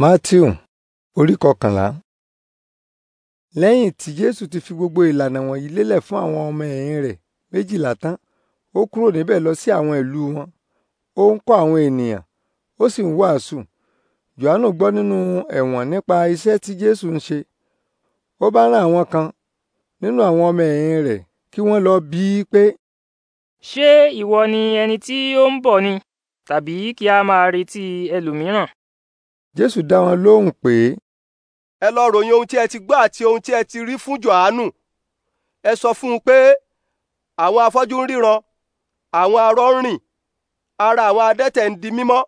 Matthew orí kọkànlá. Lẹ́yìn tí Jésù ti fi gbogbo ìlànà wọ̀nyí lélẹ̀ fún àwọn ọmọ ẹ̀yìn rẹ̀ méjìlá tán, ó kúrò níbẹ̀ lọ sí àwọn ìlú wọn. Ó ń kọ́ àwọn ènìyàn, ó sì ń wàásù. Jòhánù gbọ́ nínú ẹ̀wọ̀n nípa iṣẹ́ tí Jésù ń ṣe. Ó bá rán àwọn kan nínú àwọn ọmọ ẹ̀yìn rẹ̀ kí wọ́n lọ bi í pé, Ṣé ìwọ ni ẹni tí ó ń bọ̀ ni? Tàbí kí a máa retí ẹlòmíràn? Jésù dá wọn lóhùn pé. ẹ lọ ròyìn ohun tí ẹ ti gbọ́ àti ohun tí ẹ ti rí fún Jòhánù ẹ sọ fún un pé àwọn afọ́jú ń ríran àwọn arọ ń rìn ara àwọn adẹ́tẹ̀ ń di mímọ́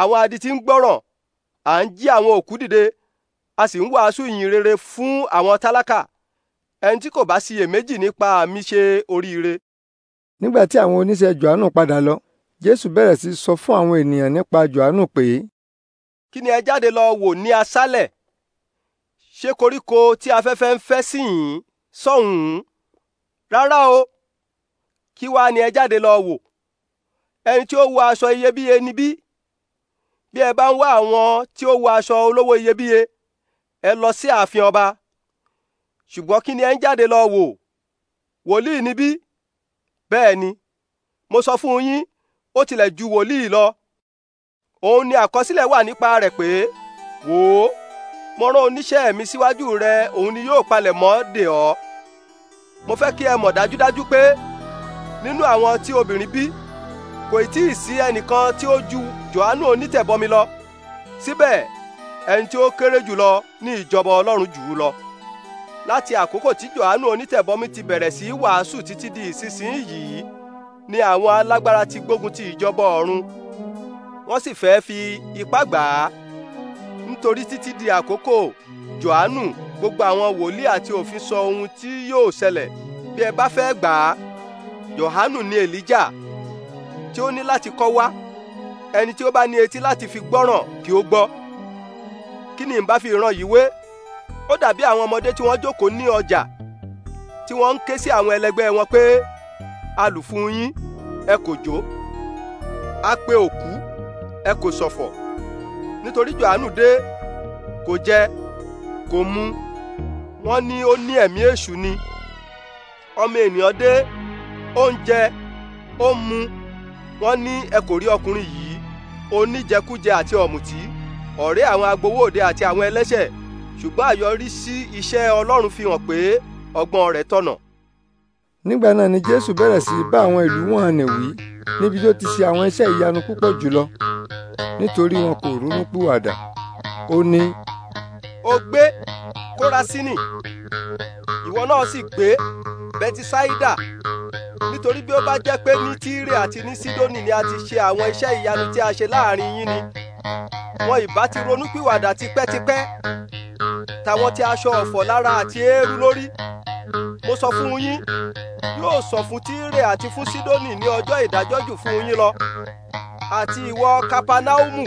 àwọn adití ń gbọ́ràn à ń jí àwọn òkú dìde a sì ń wàásù ìyìn rere fún àwọn tálákà ẹni tí kò bá ṣiyèméjì nípa àmì ṣe oríire. nígbà tí àwọn oníṣẹ́ Jòhánù padà lọ Jésù bẹ̀rẹ̀ sí sọ fún àwọn ènìyàn nípa Jòhánù pé kí ni ẹ jáde lọ wò ní aṣálẹ̀ ṣé koríko tí afẹ́fẹ́ ń fẹ́ sí yìí sọ̀hún rárá o kí wàá ni ẹ jáde lọ wò ẹni tí ó wọ aṣọ iyebíye ni bí bí ẹ bá ń wá àwọn tí ó wọ aṣọ olówó iyebíye ẹ lọ sí ààfin ọba ṣùgbọ́n kí ni ẹ ń jáde lọ wò wòlíì ni bí bẹ́ẹ̀ ni mo sọ fún yín ó tilẹ̀ ju wòlíì lọ òun ni àkọsílẹ̀ wà nípa rẹ̀ pé wò ó mo rán oníṣẹ́ mi síwájú rẹ òun ni yóò palẹ̀ mọ́ dè ọ́ mo fẹ́ kí ẹ mọ̀ dájúdájú pé nínú àwọn tí obìnrin bí kò tí ì sí ẹnìkan tí ó ju Jòhánù onítẹ̀bọmi lọ síbẹ̀ ẹni tí ó kéré jùlọ ní ìjọba Ọlọ́run jù ú lọ láti àkókò tí Jòhánù onítẹ̀bọmi ti bẹ̀rẹ̀ sí í wàásù títí di ìsinsìnyí ni àwọn alágbára ti gbógun ti ìjọba ọ̀run wọ́n sì fẹ́ fi ipá gbà á nítorí títí di àkókò Jòhánù gbogbo àwọn wòlíì àti òfin sọ ohun tí yóò ṣẹlẹ̀ bí ẹ bá fẹ́ gbà á Jòhánù ni Èlíjà tí ó ní láti kọ́ wá ẹni tí ó bá ní etí láti fi gbọ́ràn kí ó gbọ́ kí ni n bá fi ràn yìí wé ó dàbí àwọn ọmọdé tí wọ́n jókòó ní ọjà tí wọ́n ń ké sí àwọn ẹlẹgbẹ́ wọn pé alùfùn yín ẹ kò jó a pe òkú ẹ kò ṣọ̀fọ̀ nítorí Jòhánù dé kò jẹ kò mu wọ́n ní ó ní ẹ̀mí èṣù ni ọmọ ènìyàn dé ó ń jẹ ó ń mu wọ́n ní ẹ kò rí ọkùnrin yìí oníjẹkújẹ àti ọ̀mùtí ọ̀rẹ́ àwọn agbowóòde àti àwọn ẹlẹ́ṣẹ̀ ṣùgbọ́n àyọrísí iṣẹ́ Ọlọ́run fi hàn pé ọgbọ́n rẹ̀ tọ̀nà nígbà náà ni jésù bẹ̀rẹ̀ sí bá àwọn ìlú wọ̀nnì wí níbi tó ti ṣe àwọn iṣẹ́ ìyanu púpọ̀ jùlọ nítorí wọn kò ronú pìwàdà ó ní. ó gbé kórasínì ìwọ náà sì gbé bẹtisáídà nítorí bí ó bá jẹ́ pé ní tírè àti ní sídónì ni a ti ṣe àwọn iṣẹ́ ìyanu tí a ṣe láàrin yín ni wọn ìbá ti ronú pìwàdà tipẹ́tipẹ́ tàwọn ti aṣọ ọ̀fọ̀ lára àti eérú lórí mo sọ fún yín yóò sọ fún Tírè àti fún Sídónì ní ọjọ́ ìdájọ́ jù fún yín lọ àti ìwọ Kapanaumu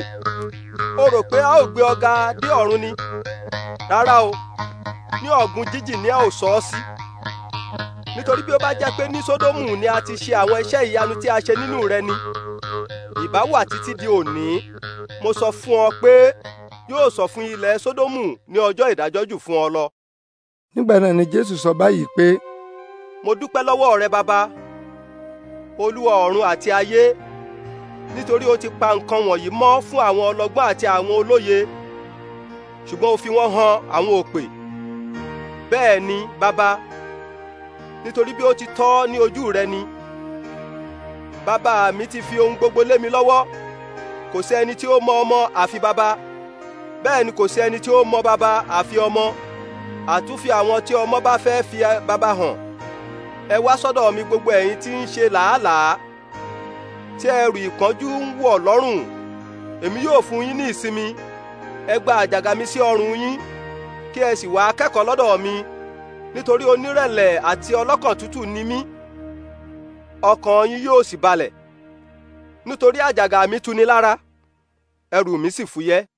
o rò pé a ó gbé ọ dé ọ̀run ni rárá o ní ọ̀gbun jíjìn ni a ò sọ ọ́ sí nítorí bí ó bá jẹ́ pé ní Sódómù ni a ti ṣe àwọn iṣẹ́ ìyanu tí a ṣe nínú rẹ̀ ni ìbá wà títí di òní mo sọ fún ọ pé yóò sọ fún ilẹ̀ Sódómù ní ọjọ́ ìdájọ́ jù fún ọ lọ nígbà náà ni jésù sọ báyìí pé. mo dúpẹ́ lọ́wọ́ rẹ bàbá olúwa ọ̀run àti ayé nítorí o ti pa nǹkan wọ̀nyí mọ́ fún àwọn ọlọ́gbọ́n àti àwọn olóye ṣùgbọ́n o fi wọ́n hàn àwọn òpè bẹ́ẹ̀ ni bàbá nítorí bí ó ti tọ́ ní ojú rẹ ni bàbá mi ti fi ohun gbogbo lé mi lọ́wọ́ kò sí ẹni tí ó mọ ọmọ àfi bàbá bẹ́ẹ̀ ni kò sí ẹni tí ó mọ bàbá àfi ọmọ àtúnfi àwọn tí ọmọ bá fẹ́ fi bàbá hàn ẹ wá sọ́dọ̀ mi gbogbo ẹ̀yin tí ń ṣe làálàá tí ẹrù ìkánjú ń wọ̀ lọ́rùn èmi yóò fún yín ní ìsinmi ẹ gba àjàgà mi sí ọrùn yín kí ẹ sì wá kẹ́kọ̀ọ́ lọ́dọ̀ mi nítorí onírẹ̀lẹ̀ àti ọlọ́kàn tútù ni mí ọkàn yín yóò sì balẹ̀ nítorí àjàgà mi tuni lára ẹrù mi sì fúyẹ́